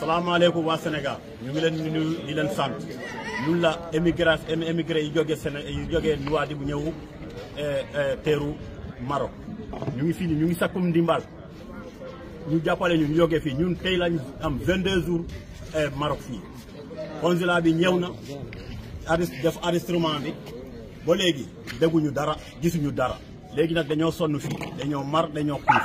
salaamaaleykum waa senegaal ñu ngi leen leen sant ñun la émigrage émigré yi jógee Séné yi jógee ñëw teeru eh, eh, Maroc ñu ngi fii ñu ngi sakkum ndimbal ñu jàppale ñu ñu jógee fii ñun tey lañ am 22 jours eh, Maroc fii consulat bi ñëw na arrest def enregistrement bi ba léegi dégguñu dara gisuñu dara léegi nag dañoo sonn fii dañoo mar dañoo xiif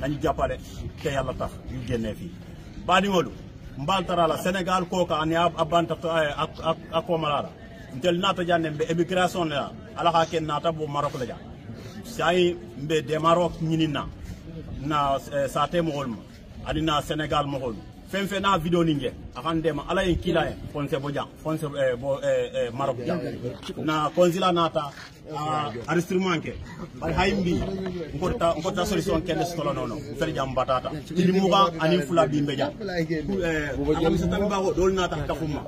dañu jappalé té yalla tax ñu génné fi génnee fii baɗiŋolu mbaltarala sénégal koka ani a banta a ndel ntel naata janne mbe émigration la ala ha ken naata bu maroc la ja say mbé de maroc ñinina na sa té mo holma ani na sénégal mo holma fen fe na video ninge akande dema ala yin kila e. fonse bo fonse eh, bo eh, eh marok na konzila nata a arrestment ke par hayimbi ngorta ngorta solution de stolo nono fer jam batata ni muga ani fula bimbe mbeja eh am sa tambi bago dol nata tafuma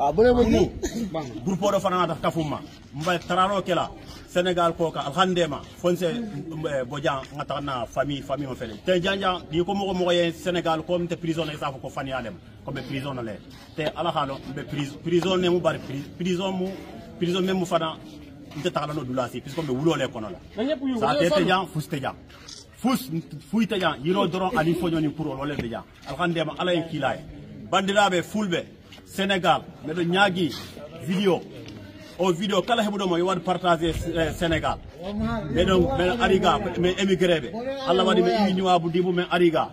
groupe do fana nata tafuma mbay tarano kela sénégal koka alhandema fonse eh, bojan ngatana famille famille fele te janja ni ko mo mo ye sénégal ko mte prison e safu ko fani alem ko be prison le te ala hano be prison ne mu bar prison mu prison même mu fana nte tagala no dulasi puisque me wulo le kono la sa te te jan fuste jan fus fuyte jan yiro doron ani foñoni pour ole be jan alhandema ala en kilaye bandiraɓe fulɓe sénégal meɗo ñaagui video o vidéo kala heɓuɗoma yo waɗ partagé e sénégal meɗon min ariga min émigré ɓe allah waɗi min iwiniwabu ndimbo min ariga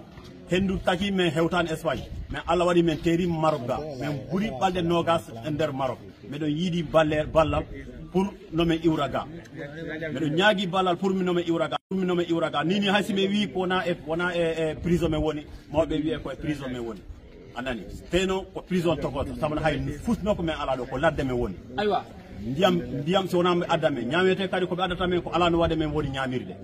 hendu taki min hewtani espagne min allah waɗi min teeri marok ga min ɓuuri ɓalɗe nogas e nder marok miɗon yiiɗi balle ballal pour nomin iwra ga miɗo ñaagui ballal pour mi nomin iwra ga pour mi nomin iwra ga nini haysimi wi wona e wona e, e prison min woni mawɓe wiye koye prison min woni anani teno ko prison tokota saabuna hay fusnoko min ala ɗo ko ladde min woni aywa ndiyam ndiyam so addan addame ñamete kadi koɓe addata men ko ala no waɗe men woni ñamirde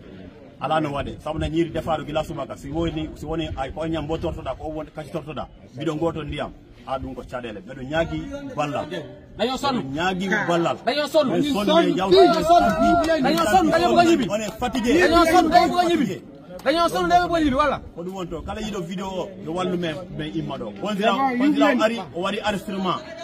ala no waɗe saabu na ñiiri defaɗo gila subaka si woni si woni ay ko ñam bo tortoɗa ko won kasi tortoɗa mbiɗo goto ndiyam a ɗum ko caɗele mbeɗo ñaagui ballal daño sonno ñaagui ballal daño sonno daño sonno daño ko ñibi on est fatigué daño sonno daño ko ñibi dañoo sonu ndeɓe boni ɗi walla ko ɗum wonto kala yiɗo vidéo yo wallu men men imma ɗo kondiraw kondiraw ari o waɗi enregistrement